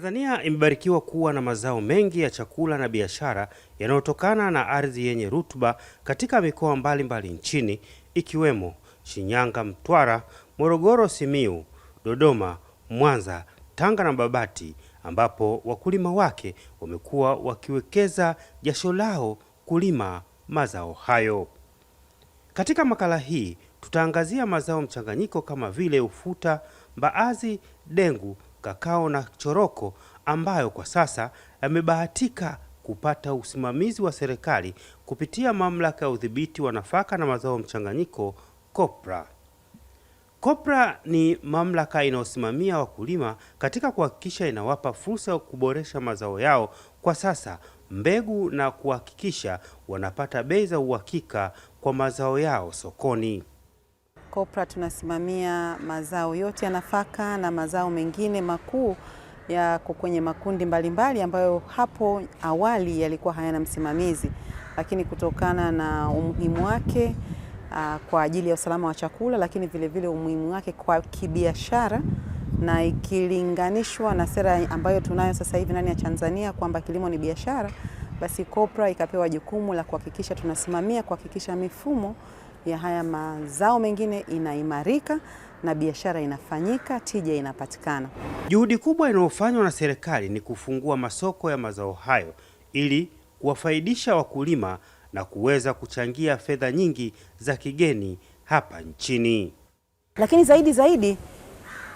Tanzania imebarikiwa kuwa na mazao mengi ya chakula na biashara yanayotokana na ardhi yenye rutuba katika mikoa mbalimbali nchini ikiwemo Shinyanga, Mtwara, Morogoro, simiu Dodoma, Mwanza, Tanga na Babati ambapo wakulima wake wamekuwa wakiwekeza jasho lao kulima mazao hayo. Katika makala hii tutaangazia mazao mchanganyiko kama vile ufuta, mbaazi, dengu kakao na choroko ambayo kwa sasa yamebahatika kupata usimamizi wa serikali kupitia Mamlaka ya Udhibiti wa Nafaka na Mazao Mchanganyiko COPRA. COPRA ni mamlaka inayosimamia wakulima katika kuhakikisha inawapa fursa ya kuboresha mazao yao kwa sasa, mbegu na kuhakikisha wanapata bei za uhakika kwa mazao yao sokoni. COPRA tunasimamia mazao yote ya nafaka na mazao mengine makuu yako kwenye makundi mbalimbali mbali ambayo hapo awali yalikuwa hayana msimamizi, lakini kutokana na umuhimu wake aa, ah, kwa ajili ya usalama wa chakula, lakini vilevile umuhimu wake kwa kibiashara na ikilinganishwa na sera ambayo tunayo sasa hivi ndani ya Tanzania kwamba kilimo ni biashara, basi COPRA ikapewa jukumu la kuhakikisha tunasimamia kuhakikisha mifumo ya haya mazao mengine inaimarika na biashara inafanyika, tija inapatikana. Juhudi kubwa inayofanywa na serikali ni kufungua masoko ya mazao hayo ili kuwafaidisha wakulima na kuweza kuchangia fedha nyingi za kigeni hapa nchini. Lakini zaidi zaidi,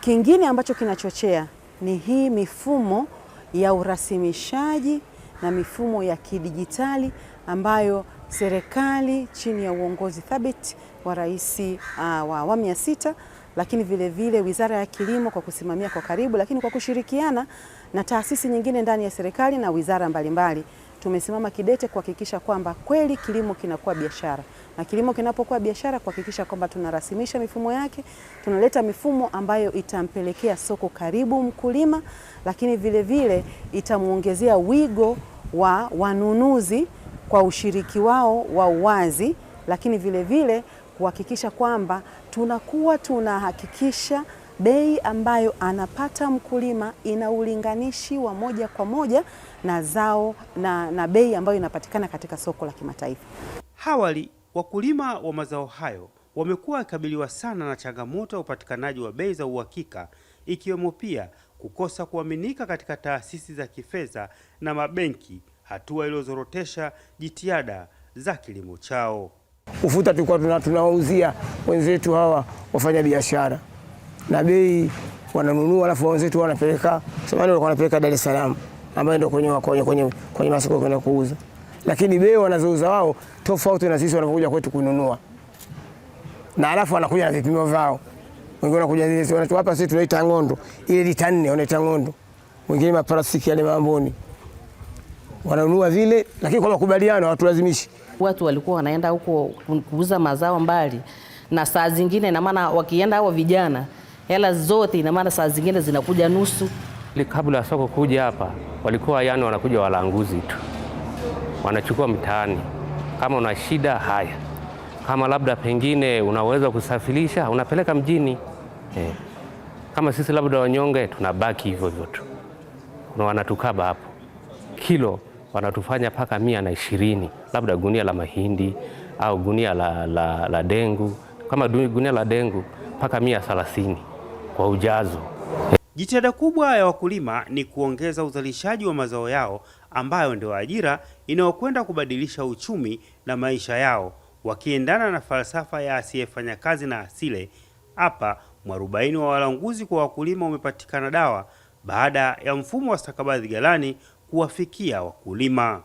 kingine ambacho kinachochea ni hii mifumo ya urasimishaji na mifumo ya kidijitali ambayo serikali chini ya uongozi thabiti wa rais uh, wa awamu ya sita, lakini vilevile vile Wizara ya Kilimo kwa kusimamia kwa karibu, lakini kwa kushirikiana na taasisi nyingine ndani ya serikali na wizara mbalimbali mbali. Tumesimama kidete kuhakikisha kwamba kweli kilimo kinakuwa biashara na kilimo kinapokuwa biashara, kuhakikisha kwamba tunarasimisha mifumo yake, tunaleta mifumo ambayo itampelekea soko karibu mkulima, lakini vilevile itamwongezea wigo wa wanunuzi kwa ushiriki wao wa uwazi, lakini vilevile kuhakikisha kwamba tunakuwa tunahakikisha bei ambayo anapata mkulima ina ulinganishi wa moja kwa moja na zao na, na bei ambayo inapatikana katika soko la kimataifa. Awali wakulima wa mazao hayo wamekuwa wakikabiliwa sana na changamoto ya upatikanaji wa bei za uhakika ikiwemo pia kukosa kuaminika katika taasisi za kifedha na mabenki hatua iliyozorotesha jitihada za kilimo chao. Ufuta tulikuwa tunawauzia wenzetu hawa wafanya biashara na bei wananunua, alafu wenzetu wanapeleka samani, walikuwa wanapeleka Dar es Salaam ambayo ndio kwenye kwenye kwenye kwenye masoko kwenda kuuza, lakini bei wanazouza wao tofauti na sisi wanapokuja kwetu kununua, na alafu wanakuja na vipimo vyao. Wengine wanakuja zile wanatuwapa sisi tunaita ngondo, ile lita nne wanaita ngondo, wengine maplastiki yale mamboni, wananunua vile, lakini kwa makubaliano, hawatulazimishi. Watu walikuwa wanaenda huko kuuza mazao mbali, na saa zingine ina maana wakienda hao vijana, hela zote ina maana saa zingine zinakuja nusu. Kabla ya soko kuja hapa, walikuwa yani wanakuja walanguzi tu, wanachukua mtaani. Kama una shida haya, kama labda pengine unaweza kusafirisha, unapeleka mjini eh. Kama sisi labda wanyonge, tunabaki hivyo hivyo tu, wanatukaba hapo kilo wanatufanya mpaka mia na ishirini, labda gunia la mahindi au gunia la, la, la dengu. Kama gunia la dengu mpaka mia thelathini kwa ujazo. Jitihada kubwa ya wakulima ni kuongeza uzalishaji wa mazao yao ambayo ndio ajira inayokwenda kubadilisha uchumi na maisha yao, wakiendana na falsafa ya asiyefanya kazi na asile. Hapa mwarubaini wa walanguzi kwa wakulima umepatikana dawa baada ya mfumo wa stakabadhi ghalani kuwafikia wakulima.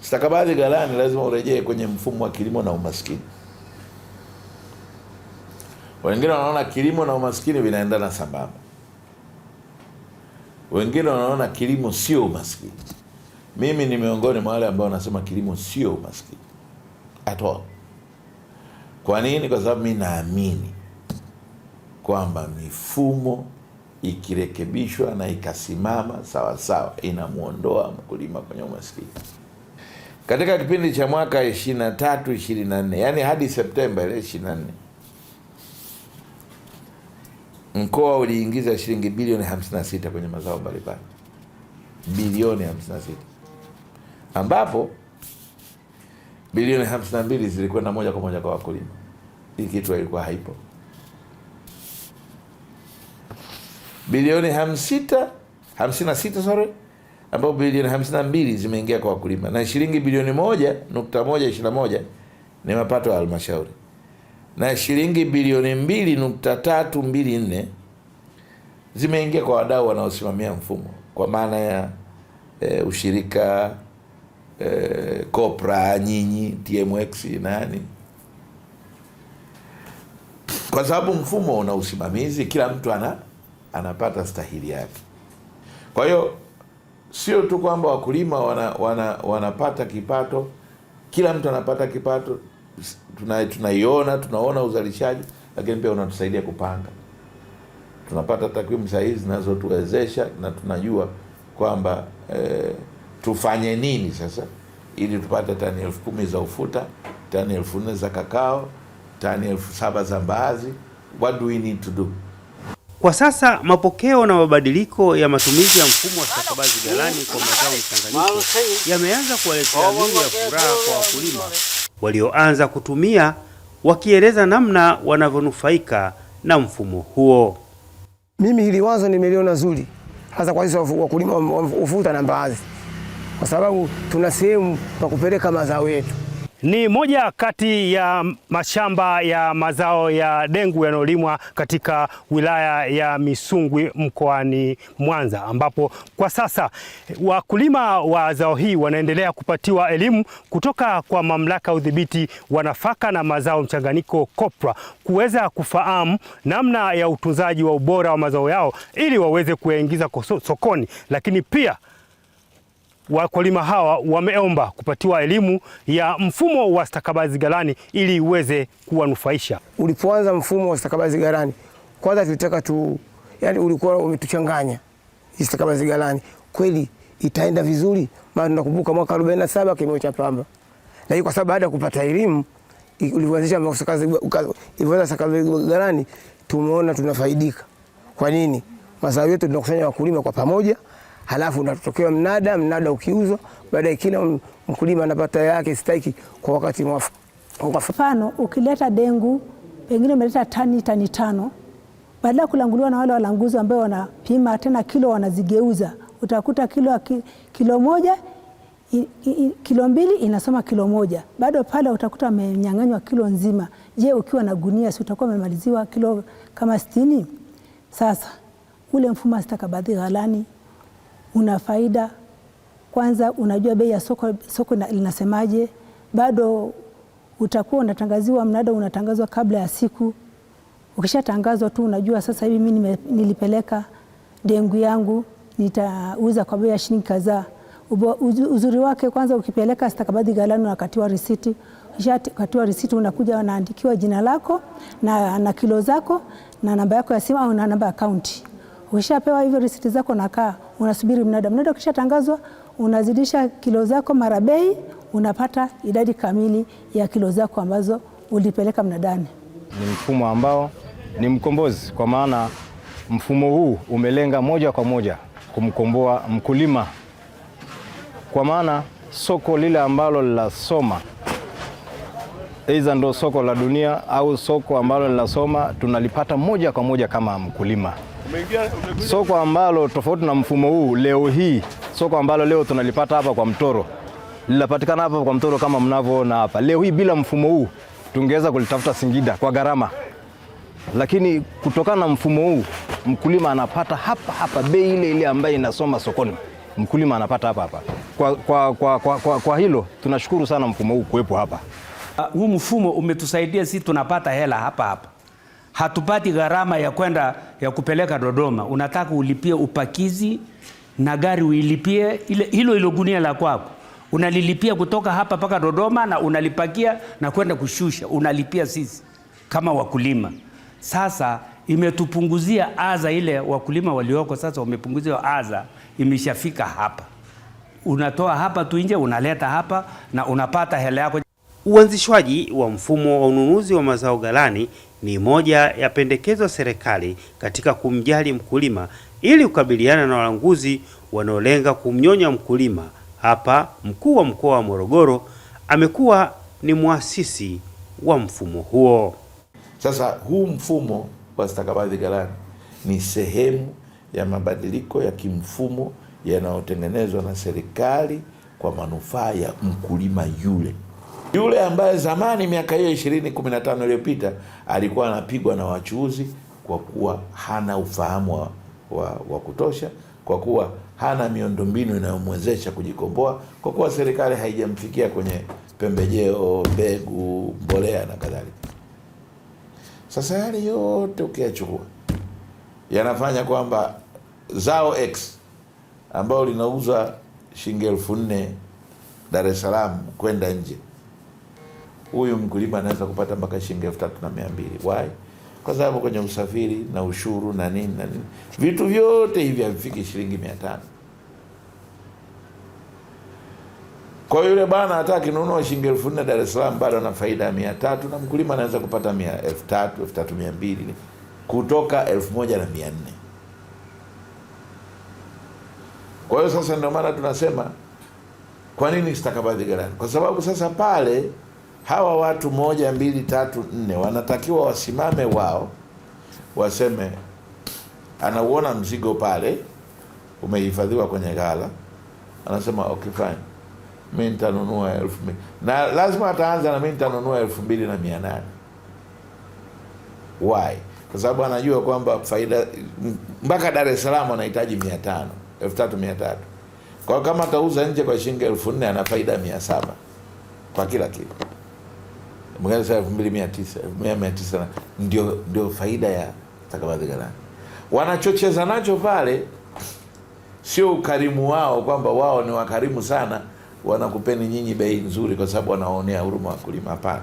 Stakabadhi ghalani lazima urejee kwenye mfumo wa kilimo na umaskini. Wengine wanaona kilimo na umaskini vinaendana sambamba, wengine wanaona kilimo sio umaskini. Mimi ni miongoni mwa wale ambao wanasema kilimo sio umaskini at all. Kwa nini? Kwa sababu mi naamini kwamba mifumo ikirekebishwa na ikasimama sawasawa, inamwondoa mkulima kwenye umaskini. Katika kipindi cha mwaka 23 24, yani hadi Septemba ile 24, mkoa uliingiza shilingi bilioni 56 kwenye mazao mbalimbali, bilioni 56, ambapo bilioni 52 zilikwenda moja kwa moja kwa wakulima. Hii kitu ilikuwa haipo. bilioni 56 sita, sorry, ambapo bilioni 52 zimeingia kwa wakulima na shilingi bilioni moja nukta moja ishirini na moja ni mapato ya halmashauri na shilingi bilioni mbili nukta tatu mbili nne zimeingia kwa wadau wanaosimamia mfumo kwa maana ya e, ushirika e, eh, kopra nyinyi TMX nani, kwa sababu mfumo una usimamizi, kila mtu ana anapata stahili yake. Kwa hiyo sio tu kwamba wakulima wana, wana, wanapata kipato, kila mtu anapata kipato, tunaiona tunaona uzalishaji, lakini pia unatusaidia kupanga. Tunapata takwimu sahihi zinazotuwezesha na tunajua kwamba e, tufanye nini sasa ili tupate tani elfu kumi za ufuta, tani elfu nne za kakao, tani elfu saba za mbaazi. What do we need to do? Kwa sasa mapokeo na mabadiliko ya matumizi ya mfumo wa stakabadhi ghalani kwa mazao mchanganyiko yameanza kuwaletea nuru ya furaha kwa wakulima walioanza kutumia, wakieleza namna wanavyonufaika na mfumo huo. Mimi hili wazo nimeliona zuri, hasa kwa sisi wakulima ufuta na mbaazi, kwa sababu tuna sehemu pa kupeleka mazao yetu. Ni moja kati ya mashamba ya mazao ya dengu yanayolimwa katika wilaya ya Misungwi mkoani Mwanza, ambapo kwa sasa wakulima wa zao hii wanaendelea kupatiwa elimu kutoka kwa Mamlaka ya Udhibiti wa Nafaka na Mazao Mchanganyiko COPRA, kuweza kufahamu namna ya utunzaji wa ubora wa mazao yao ili waweze kuyaingiza sokoni, lakini pia wakulima hawa wameomba kupatiwa elimu ya mfumo wa stakabadhi ghalani ili iweze kuwanufaisha. Ulipoanza mfumo wa stakabadhi ghalani, kwanza tulitaka tu, yani ulikuwa umetuchanganya stakabadhi ghalani kweli itaenda vizuri, maana tunakumbuka mwaka 47 kimeo cha pamba, lakini kwa sababu baada ya kupata elimu ulivyoanzisha stakabadhi ghalani tumeona tunafaidika. Kwa nini? Mazao yetu tunakusanya wakulima kwa pamoja halafu unatokewa mnada, mnada ukiuzwa, baadaye kila mkulima anapata yake stahiki kwa wakati mwafaka. Mfano, ukileta dengu pengine umeleta tani tani tano, badala ya kulanguliwa na wale walanguzi ambao wanapima tena kilo wanazigeuza, utakuta kilo, kilo moja I, i, kilo mbili inasoma kilo moja, bado pale utakuta amenyang'anywa kilo nzima. Je, ukiwa na gunia si utakuwa umemaliziwa kilo kama sitini? Sasa ule mfumo wa stakabadhi ghalani una faida kwanza, unajua bei ya soko, soko linasemaje. Bado utakuwa unatangaziwa, mnada unatangazwa kabla ya siku. Ukishatangazwa tu unajua sasa hivi mimi nilipeleka dengu yangu nitauza kwa bei ya shilingi kadhaa. Uzuri wake kwanza, ukipeleka stakabadhi ghalani unakatiwa risiti. Ukishakatiwa risiti, unakuja unaandikiwa jina lako na, na kilo zako na namba yako ya simu au na namba ya akaunti. Ukishapewa hivyo risiti zako, nakaa unasubiri mnada. Mnada ukishatangazwa unazidisha kilo zako mara bei, unapata idadi kamili ya kilo zako ambazo ulipeleka mnadani. Ni mfumo ambao ni mkombozi, kwa maana mfumo huu umelenga moja kwa moja kumkomboa mkulima, kwa maana soko lile ambalo linasoma iza ndo soko la dunia au soko ambalo linasoma tunalipata moja kwa moja kama mkulima. Soko ambalo tofauti na mfumo huu leo hii, soko ambalo leo tunalipata hapa kwa Mtoro linapatikana hapa kwa Mtoro kama mnavyoona hapa. Leo hii bila mfumo huu tungeweza kulitafuta Singida kwa gharama, lakini kutokana na mfumo huu mkulima anapata hapa hapa bei ile ile ambayo inasoma sokoni, mkulima anapata hapa hapa. Kwa, kwa, kwa, kwa, kwa, kwa hilo tunashukuru sana mfumo huu kuwepo hapa. Uh, huu mfumo umetusaidia sisi tunapata hela hapa hapa hatupati gharama ya kwenda ya kupeleka Dodoma. Unataka ulipie upakizi na gari uilipie ile, hilo ilo gunia la kwako unalilipia kutoka hapa mpaka Dodoma na unalipakia na kwenda kushusha, unalipia sisi kama wakulima. Sasa imetupunguzia adha ile, wakulima walioko sasa wamepunguzia adha, imeshafika hapa, unatoa hapa tu nje unaleta hapa na unapata hela yako. Uanzishwaji wa mfumo wa ununuzi wa mazao ghalani ni moja ya pendekezo serikali katika kumjali mkulima ili kukabiliana na walanguzi wanaolenga kumnyonya mkulima. Hapa mkuu wa mkoa wa Morogoro amekuwa ni mwasisi wa mfumo huo. Sasa huu mfumo wa stakabadhi ghalani ni sehemu ya mabadiliko ya kimfumo yanayotengenezwa na serikali kwa manufaa ya mkulima yule yule ambaye zamani miaka hiyo ishirini kumi na tano iliyopita alikuwa anapigwa na wachuuzi kwa kuwa hana ufahamu wa, wa, wa kutosha, kwa kuwa hana miundombinu inayomwezesha kujikomboa, kwa kuwa serikali haijamfikia kwenye pembejeo, mbegu, mbolea na kadhalika. Sasa yale yote ukiyachukua yanafanya kwamba zao X ambayo linauzwa shilingi elfu nne Dar es Salaam kwenda nje huyu mkulima anaweza kupata mpaka shilingi elfu tatu na mia mbili Why? Kwa sababu kwenye usafiri na ushuru na nini na nini, vitu vyote hivi havifiki shilingi mia tano. Kwa hiyo yule bwana hata akinunua shilingi elfu nne Dar es Salaam bado ana faida ya mia tatu na mkulima anaweza kupata mia elfu tatu elfu tatu mia mbili kutoka elfu moja na mia nne Kwa hiyo sasa ndio maana tunasema kwa nini stakabadhi ghalani, kwa sababu sasa pale hawa watu moja, mbili, tatu, nne wanatakiwa wasimame wao waseme, anauona mzigo pale umehifadhiwa kwenye ghala, anasema okay fine, mi nitanunua elfu mbili na lazima ataanza na mi nitanunua elfu mbili na mia nane Why? Kwa sababu anajua kwamba faida mpaka Dar es Salaam anahitaji mia tano elfu tatu mia tatu kwao kama atauza nje kwa shilingi elfu nne ana faida mia saba kwa kila kitu elfu mbili mia tisa elfu mbili mia tisa ndio, ndio faida ya stakabadhi ghalani. Wanachocheza nacho pale sio ukarimu wao, kwamba wao ni wakarimu sana, wanakupeni nyinyi bei nzuri kwa sababu wanaonea huruma wakulima. Hapana,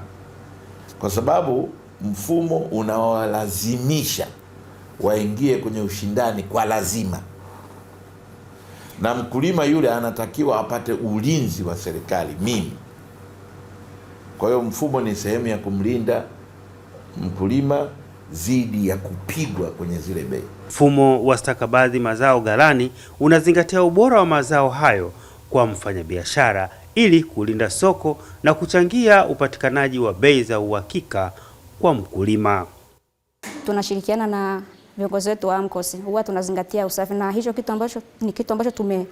kwa sababu mfumo unawalazimisha waingie kwenye ushindani kwa lazima, na mkulima yule anatakiwa apate ulinzi wa serikali. Mimi kwa hiyo mfumo ni sehemu ya kumlinda mkulima dhidi ya kupigwa kwenye zile bei. Mfumo wa stakabadhi mazao ghalani unazingatia ubora wa mazao hayo kwa mfanyabiashara ili kulinda soko na kuchangia upatikanaji wa bei za uhakika kwa mkulima. Tunashirikiana na viongozi wetu wa AMCOS, huwa tunazingatia usafi na hicho kitu ambacho ni kitu ambacho tume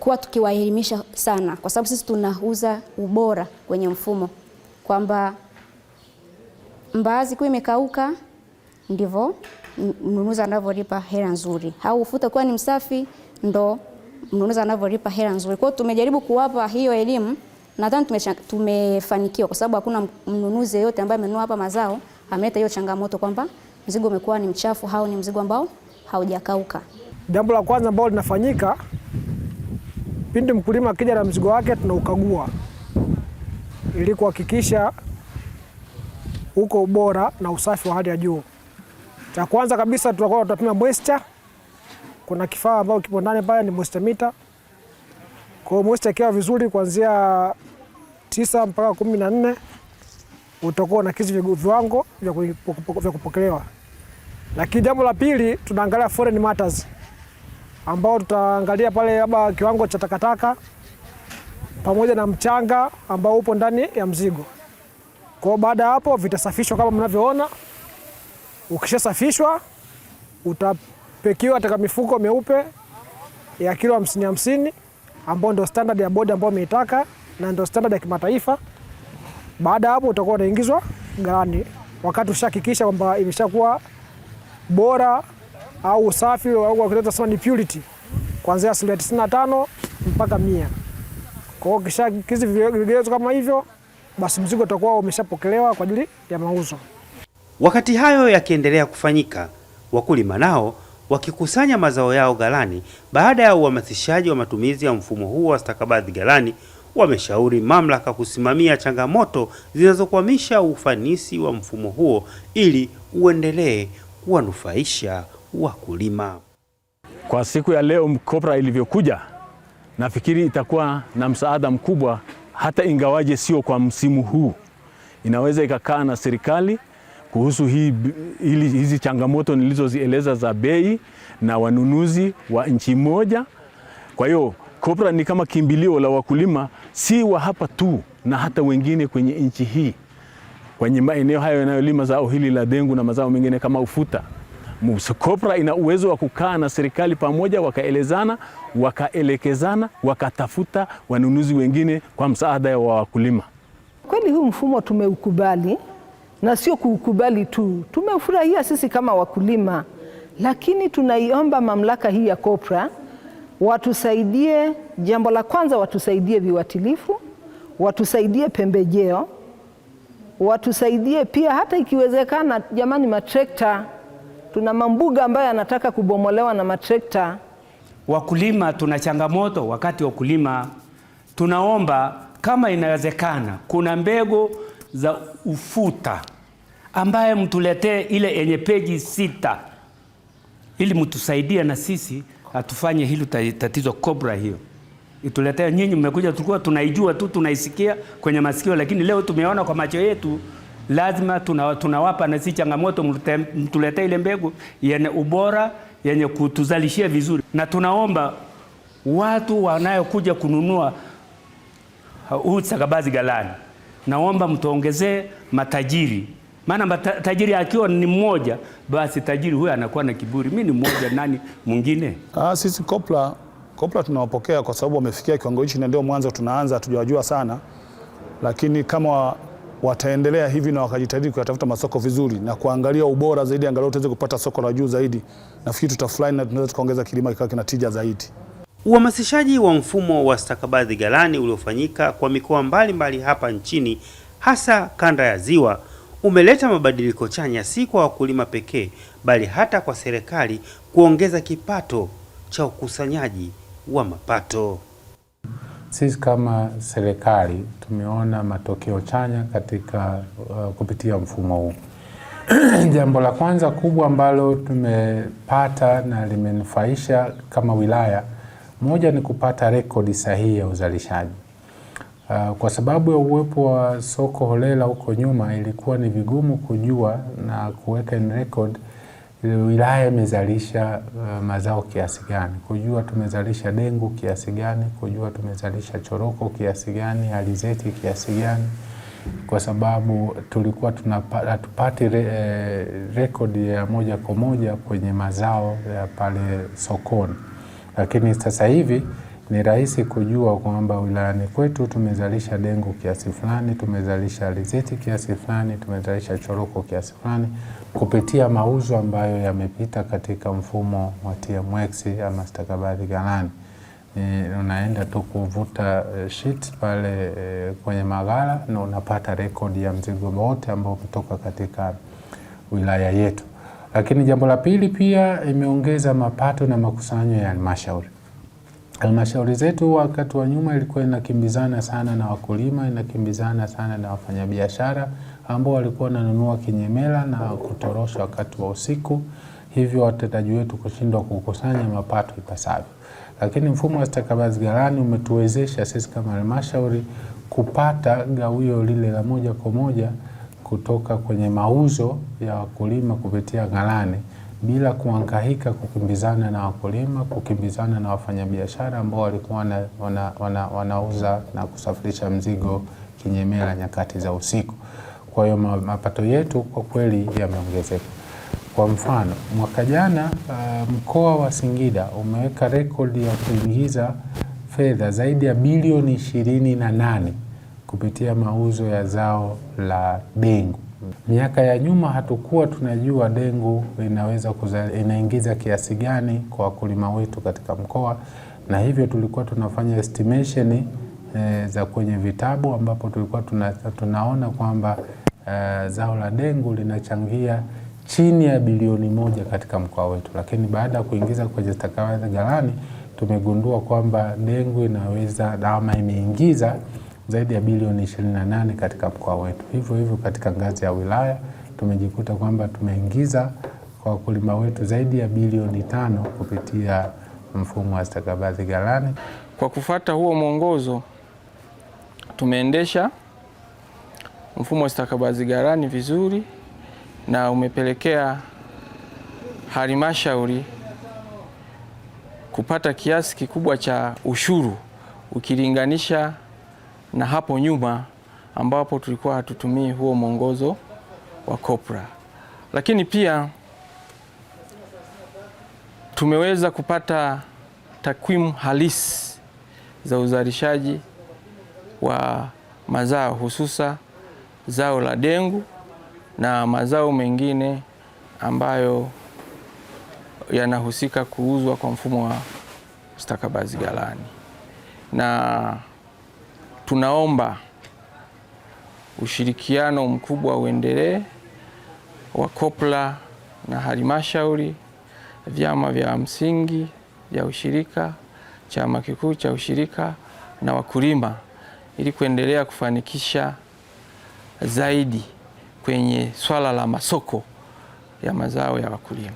kuwa tukiwaelimisha sana, kwa sababu sisi tunauza ubora kwenye mfumo, kwamba mbaazi kuwa imekauka ndivyo mnunuzi anavyolipa hela nzuri, au ufuta kuwa ni msafi ndo mnunuzi anavyolipa hela nzuri. Kwa hiyo tumejaribu kuwapa hiyo elimu, nadhani tumefanikiwa, kwa sababu hakuna mnunuzi yeyote ambaye amenunua hapa mazao ameleta hiyo changamoto kwamba mzigo umekuwa ni mchafu au ni mzigo ambao haujakauka. Jambo la kwanza ambalo linafanyika Pindi mkulima akija na mzigo wake tunaukagua ili kuhakikisha uko ubora na usafi wa hali ya juu. Cha kwanza kabisa tutakuwa tutapima moisture. Kuna kifaa ambacho kipo ndani pale ni moisture meter. Kwa hiyo moisture ikiwa vizuri kuanzia tisa mpaka kumi na nne utakuwa kizi viwango vya kupokelewa. Lakini jambo la pili tunaangalia foreign matters ambao tutaangalia pale labda kiwango cha takataka pamoja na mchanga ambao upo ndani ya mzigo. Kwa baada ya hapo vitasafishwa kama mnavyoona. Ukishasafishwa utapekiwa katika mifuko meupe ya kilo hamsini hamsini ambao ndio standard ya bodi ambayo umeitaka na ndio standard ya kimataifa. Baada ya hapo utakuwa unaingizwa ghalani wakati ushahakikisha kwamba imeshakuwa bora au usafi au kuleta sema ni purity kuanzia asilimia tisini na tano mpaka mia. Kwa hiyo kisha kizi vigezo kama hivyo, basi mzigo utakuwa umeshapokelewa kwa ajili ya mauzo. Wakati hayo yakiendelea kufanyika, wakulima nao wakikusanya mazao yao ghalani baada ya uhamasishaji wa matumizi ya mfumo huu wa stakabadhi ghalani, wameshauri mamlaka kusimamia changamoto zinazokwamisha ufanisi wa mfumo huo ili uendelee kuwanufaisha wakulima. Kwa siku ya leo COPRA ilivyokuja, nafikiri itakuwa na msaada mkubwa, hata ingawaje sio kwa msimu huu. Inaweza ikakaa na serikali kuhusu hii, hili, hizi changamoto nilizozieleza za bei na wanunuzi wa nchi moja. Kwa hiyo kopra ni kama kimbilio la wakulima, si wa hapa tu, na hata wengine kwenye nchi hii, kwenye maeneo hayo yanayolima zao hili la dengu na mazao mengine kama ufuta. Kopra ina uwezo wa kukaa na serikali pamoja, wakaelezana, wakaelekezana, wakatafuta wanunuzi wengine kwa msaada wa wakulima. Kweli huu mfumo tumeukubali, na sio kuukubali tu, tumefurahia sisi kama wakulima, lakini tunaiomba mamlaka hii ya Kopra watusaidie. Jambo la kwanza, watusaidie viwatilifu watusaidie pembejeo, watusaidie pia hata ikiwezekana, jamani, matrekta Tuna mambuga ambayo yanataka kubomolewa na matrekta. Wakulima tuna changamoto wakati wa kulima, tunaomba kama inawezekana, kuna mbegu za ufuta ambaye mtuletee ile yenye peji sita ili mtusaidie na sisi atufanye hili tatizo kobra hiyo ituletee. Nyinyi mmekuja, tulikuwa tunaijua tu tunaisikia kwenye masikio, lakini leo tumeona kwa macho yetu lazima tunawapa na sisi changamoto, mtuletee ile mbegu yenye ubora yenye kutuzalishia vizuri, na tunaomba watu wanayokuja kununua huu stakabadhi galani, naomba mtuongezee matajiri maana tajiri akiwa ni mmoja basi tajiri huyo anakuwa na kiburi, mimi ni mmoja nani mwingine? Ah, sisi Kopla Kopla tunawapokea kwa sababu wamefikia kiwango hichi na ndio mwanzo tunaanza, hatujawajua sana, lakini kama wataendelea hivi na wakajitahidi kuyatafuta masoko vizuri na kuangalia ubora zaidi, angalau tuweze kupata soko la juu zaidi. Nafikiri tutafurahi na tunaweza tukaongeza kilimo kikawa kina tija zaidi. Uhamasishaji wa mfumo wa stakabadhi ghalani uliofanyika kwa mikoa mbalimbali hapa nchini hasa kanda ya Ziwa umeleta mabadiliko chanya, si kwa wakulima pekee, bali hata kwa serikali kuongeza kipato cha ukusanyaji wa mapato. Sisi kama serikali tumeona matokeo chanya katika uh, kupitia mfumo huu. Jambo la kwanza kubwa ambalo tumepata na limenufaisha kama wilaya moja ni kupata rekodi sahihi ya uzalishaji. Uh, kwa sababu ya uwepo wa soko holela huko nyuma, ilikuwa ni vigumu kujua na kuweka uh, wilaya imezalisha uh, mazao kiasi gani, kujua tumezalisha dengu kiasi gani, kujua tumezalisha choroko kiasi gani, alizeti kiasi gani, kwa sababu tulikuwa hatupati re, eh, rekodi ya moja kwa moja kwenye mazao ya pale sokoni, lakini sasa hivi ni rahisi kujua kwamba wilayani kwetu tumezalisha dengu kiasi fulani, tumezalisha alizeti kiasi fulani, tumezalisha choroko kiasi fulani kupitia mauzo ambayo yamepita katika mfumo wa TMX ama stakabadhi ghalani. Ni unaenda tu kuvuta eh, sheet pale e, kwenye maghala na unapata rekodi ya mzigo wote ambao umetoka katika wilaya yetu. Lakini jambo la pili pia imeongeza mapato na makusanyo ya halmashauri. Halmashauri zetu wakati wa nyuma ilikuwa inakimbizana sana na wakulima, inakimbizana sana na wafanyabiashara ambao walikuwa wananunua kinyemela na kutorosha wakati wa usiku, hivyo watendaji wetu kushindwa kukusanya mapato ipasavyo. Lakini mfumo wa stakabadhi ghalani umetuwezesha sisi kama halmashauri kupata gawio lile la moja kwa moja kutoka kwenye mauzo ya wakulima kupitia ghalani bila kuangaika kukimbizana na wakulima, kukimbizana na wafanyabiashara ambao walikuwa wanauza wana, wana na kusafirisha mzigo kinyemela nyakati za usiku. Kwa hiyo mapato yetu kwa kweli yameongezeka. Kwa mfano mwaka jana uh, mkoa wa Singida umeweka rekodi ya kuingiza fedha zaidi ya bilioni ishirini na nane kupitia mauzo ya zao la dengu. Miaka ya nyuma hatukuwa tunajua dengu inaweza inaingiza kiasi gani kwa wakulima wetu katika mkoa, na hivyo tulikuwa tunafanya estimation e, za kwenye vitabu ambapo tulikuwa tuna, tunaona kwamba uh, zao la dengu linachangia chini ya bilioni moja katika mkoa wetu, lakini baada ya kuingiza kwenye stakabadhi ghalani tumegundua kwamba dengu inaweza ama imeingiza zaidi ya bilioni 28 katika mkoa wetu. Hivyo hivyo katika ngazi ya wilaya tumejikuta kwamba tumeingiza kwa wakulima wetu zaidi ya bilioni tano kupitia mfumo wa stakabadhi ghalani. Kwa kufata huo mwongozo tumeendesha mfumo wa stakabadhi ghalani vizuri na umepelekea halmashauri kupata kiasi kikubwa cha ushuru ukilinganisha na hapo nyuma ambapo tulikuwa hatutumii huo mwongozo wa kopra. Lakini pia tumeweza kupata takwimu halisi za uzalishaji wa mazao hususa zao la dengu na mazao mengine ambayo yanahusika kuuzwa kwa mfumo wa stakabadhi ghalani, na tunaomba ushirikiano mkubwa uendelee wa kopla na halmashauri, vyama vya msingi vya ushirika, chama kikuu cha ushirika na wakulima ili kuendelea kufanikisha zaidi kwenye swala la masoko ya mazao ya wakulima.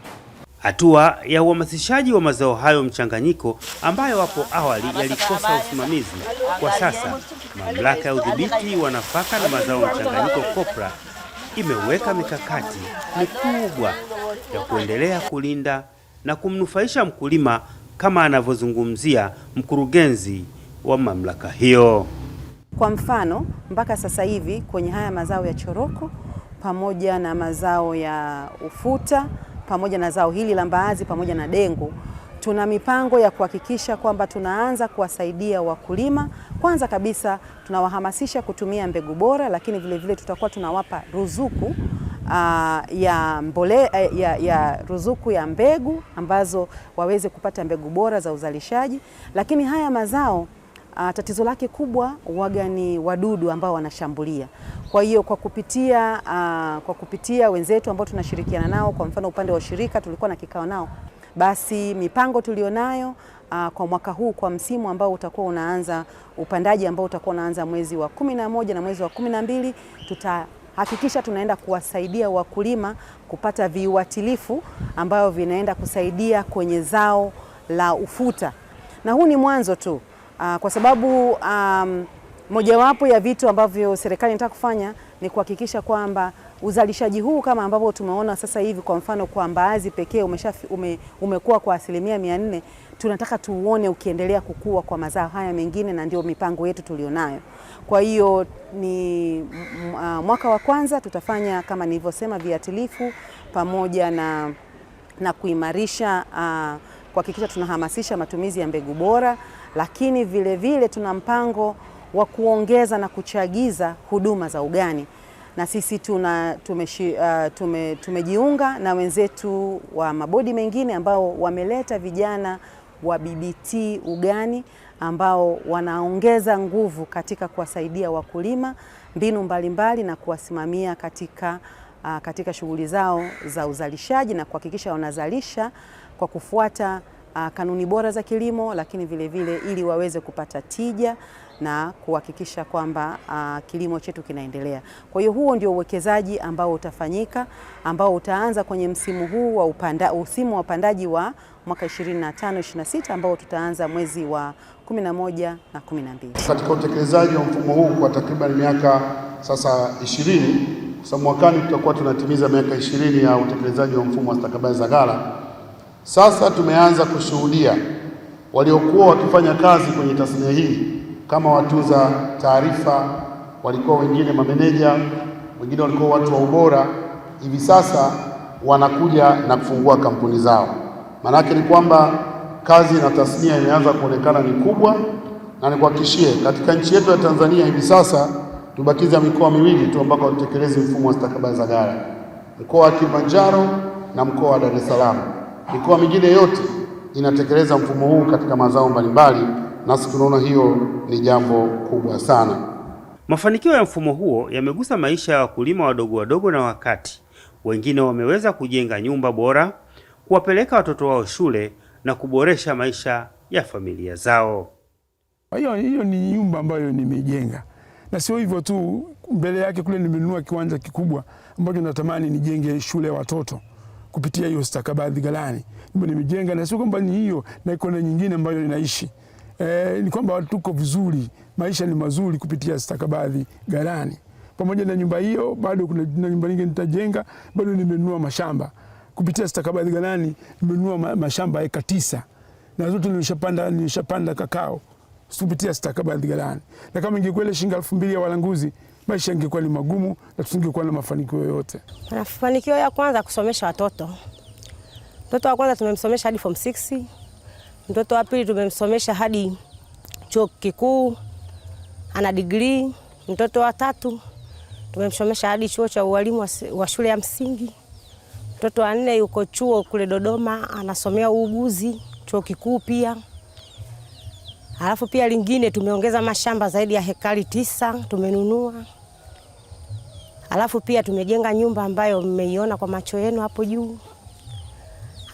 Hatua ya uhamasishaji wa mazao hayo mchanganyiko ambayo hapo awali yalikosa usimamizi, kwa sasa Mamlaka ya Udhibiti wa Nafaka na Mazao Mchanganyiko COPRA imeweka mikakati mikubwa ya kuendelea kulinda na kumnufaisha mkulima kama anavyozungumzia mkurugenzi wa mamlaka hiyo. Kwa mfano, mpaka sasa hivi kwenye haya mazao ya choroko pamoja na mazao ya ufuta pamoja na zao hili la mbaazi pamoja na dengu tuna mipango ya kuhakikisha kwamba tunaanza kuwasaidia wakulima. Kwanza kabisa tunawahamasisha kutumia mbegu bora, lakini vile vile tutakuwa tunawapa ruzuku uh, ya, mbole, uh, ya, ya ruzuku ya mbegu ambazo waweze kupata mbegu bora za uzalishaji, lakini haya mazao Uh, tatizo lake kubwa waga ni wadudu ambao wanashambulia. Kwa hiyo kwa kupitia, uh, kwa kupitia wenzetu ambao tunashirikiana nao, kwa mfano upande wa shirika tulikuwa na kikao nao, basi mipango tulionayo uh, kwa mwaka huu kwa msimu ambao utakuwa unaanza upandaji ambao utakuwa unaanza mwezi wa kumi na moja na mwezi wa kumi na mbili tuta hakikisha tunaenda kuwasaidia wakulima kupata viuatilifu ambavyo vinaenda kusaidia kwenye zao la ufuta, na huu ni mwanzo tu uh, kwa sababu um, mojawapo ya vitu ambavyo serikali inataka kufanya ni kuhakikisha kwamba uzalishaji huu kama ambavyo tumeona sasa hivi, kwa mfano kwa mbaazi pekee ume, umekuwa kwa asilimia mia nne. Tunataka tuuone ukiendelea kukua kwa mazao haya mengine, na ndio mipango yetu tulionayo. Kwa hiyo ni ah, mwaka wa kwanza tutafanya kama nilivyosema, viatilifu pamoja na, na kuimarisha uh, kuhakikisha tunahamasisha matumizi ya mbegu bora lakini vile vile tuna mpango wa kuongeza na kuchagiza huduma za ugani na sisi tuna tumeshi, uh, tume, tumejiunga na wenzetu wa mabodi mengine ambao wameleta vijana wa BBT ugani ambao wanaongeza nguvu katika kuwasaidia wakulima mbinu mbalimbali mbali na kuwasimamia katika, uh, katika shughuli zao za uzalishaji na kuhakikisha wanazalisha kwa kufuata Uh, kanuni bora za kilimo, lakini vile vile ili waweze kupata tija na kuhakikisha kwamba uh, kilimo chetu kinaendelea. Kwa hiyo huo ndio uwekezaji ambao utafanyika ambao utaanza kwenye msimu huu wa upanda, usimu wa upandaji wa mwaka 25 26 ambao tutaanza mwezi wa 11 na 12. Katika utekelezaji wa mfumo huu kwa takriban miaka sasa 20, kwa sababu mwakani tutakuwa tunatimiza miaka 20 ya utekelezaji wa mfumo wa stakabadhi za ghala. Sasa tumeanza kushuhudia waliokuwa wakifanya kazi kwenye tasnia hii kama watuza taarifa, walikuwa wengine mameneja, wengine walikuwa watu wa ubora, hivi sasa wanakuja na kufungua kampuni zao. Maanake ni kwamba kazi na tasnia imeanza kuonekana ni kubwa, na nikuhakikishie, katika nchi yetu ya Tanzania hivi sasa tumebakiza mikoa miwili tu ambako tutekeleze mfumo wa stakabadhi za ghala, mkoa wa Kilimanjaro na mkoa wa Dar es Salaam. Mikoa mingine yote inatekeleza mfumo huu katika mazao mbalimbali, nasi tunaona hiyo ni jambo kubwa sana. Mafanikio ya mfumo huo yamegusa maisha ya wakulima wadogo wadogo na wakati, wengine wameweza kujenga nyumba bora, kuwapeleka watoto wao shule na kuboresha maisha ya familia zao. Kwa hiyo hiyo ni nyumba ambayo nimejenga, na sio hivyo tu, mbele yake kule nimenunua kiwanja kikubwa ambacho natamani nijenge shule ya watoto kupitia hiyo stakabadhi ghalani nimejenga, na sio kwamba ni hiyo na iko na nyingine ambayo inaishi e, ni kwamba tuko vizuri, maisha ni mazuri kupitia stakabadhi ghalani. Pamoja na nyumba hiyo, bado kuna na nyumba nyingine nitajenga, bado nimenunua mashamba kupitia stakabadhi ghalani. Nimenunua ma mashamba eka tisa na zote nilishapanda, nilishapanda kakao kupitia stakabadhi ghalani, na kama ingekuwa ile shilingi elfu mbili ya walanguzi maisha yangekuwa ni magumu na tusingekuwa na mafanikio yoyote. Mafanikio ya kwanza kusomesha watoto. Mtoto wa kwanza tumemsomesha hadi form 6. Mtoto wa pili tumemsomesha hadi chuo kikuu ana degree. Mtoto wa tatu tumemsomesha hadi chuo cha ualimu wa shule ya msingi. Mtoto wa nne yuko chuo kule Dodoma anasomea uuguzi, chuo kikuu pia. Alafu pia lingine tumeongeza mashamba zaidi ya hekari tisa tumenunua. Alafu pia tumejenga nyumba ambayo mmeiona kwa macho yenu hapo juu.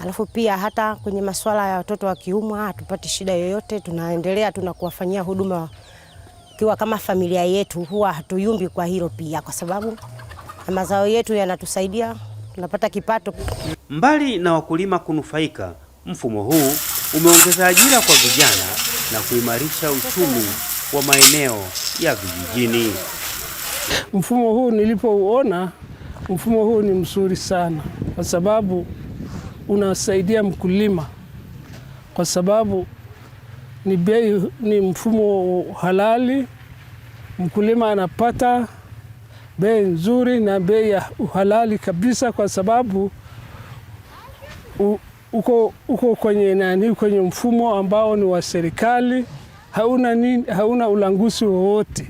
Alafu pia hata kwenye masuala ya watoto kiumwa hatupati shida yoyote, tunaendelea tunakuwafanyia huduma kiwa kama familia yetu, huwa hatuyumbi kwa hilo pia, kwa sababu mazao yetu yanatusaidia, tunapata kipato. Mbali na wakulima kunufaika, mfumo huu umeongeza ajira kwa vijana na kuimarisha uchumi wa maeneo ya vijijini. Mfumo huu nilipouona, mfumo huu ni mzuri sana kwa sababu unasaidia mkulima, kwa sababu ni bei, ni mfumo halali. Mkulima anapata bei nzuri na bei ya uhalali kabisa, kwa sababu u, uko, uko kwenye nani, kwenye mfumo ambao ni wa serikali, hauna, nini, hauna ulanguzi wowote.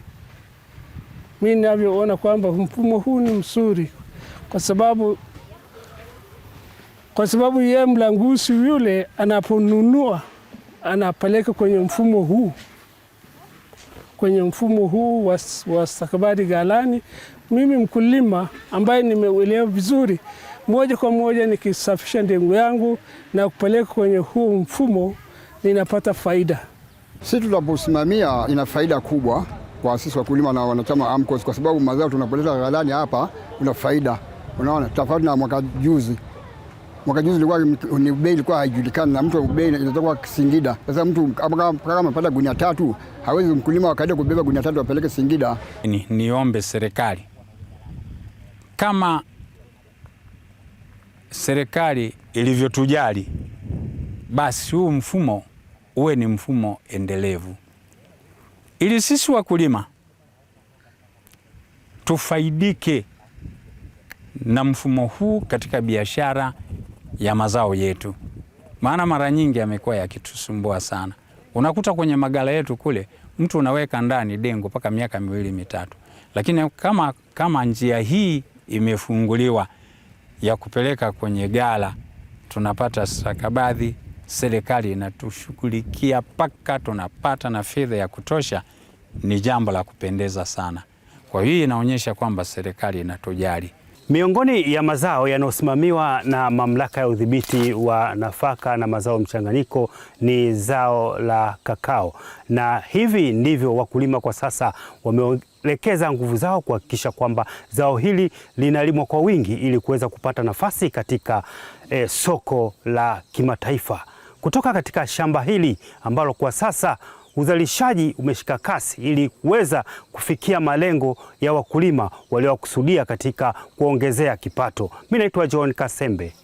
Mi ninavyoona kwamba mfumo huu ni mzuri kwa sababu kwa sababu yeye mlanguzi yule anaponunua anapeleka kwenye mfumo huu kwenye mfumo huu wa stakabadhi ghalani. Mimi mkulima ambaye nimeuelewa vizuri moja kwa moja nikisafisha ndengu yangu na kupeleka kwenye huu mfumo ninapata faida. Sisi tunaposimamia ina faida kubwa kwa sisi wakulima na wanachama wa AMCOS kwa sababu mazao tunapoleta ghalani hapa una faida, unaona, tofauti na mwaka juzi. Mwaka juzi ilikuwa ni bei ilikuwa haijulikani na mtu bei inatoka Singida. Sasa mtu kama amepata gunia tatu, hawezi mkulima wa kawaida kubeba gunia tatu apeleke Singida. Ni, niombe serikali kama serikali ilivyotujali, basi huu mfumo uwe ni mfumo endelevu, ili sisi wakulima tufaidike na mfumo huu katika biashara ya mazao yetu, maana mara nyingi yamekuwa yakitusumbua sana. Unakuta kwenye magala yetu kule mtu unaweka ndani dengo mpaka miaka miwili mitatu, lakini kama, kama njia hii imefunguliwa ya kupeleka kwenye gala, tunapata stakabadhi, serikali inatushughulikia mpaka tunapata na fedha ya kutosha. Ni jambo la kupendeza sana. Kwa hiyo inaonyesha kwamba serikali inatujali. Miongoni ya mazao yanayosimamiwa na Mamlaka ya Udhibiti wa Nafaka na Mazao Mchanganyiko ni zao la kakao, na hivi ndivyo wakulima kwa sasa wameelekeza nguvu zao kuhakikisha kwamba zao hili linalimwa kwa wingi ili kuweza kupata nafasi katika eh, soko la kimataifa. Kutoka katika shamba hili ambalo kwa sasa uzalishaji umeshika kasi ili kuweza kufikia malengo ya wakulima waliokusudia katika kuongezea kipato. Mimi naitwa John Kasembe.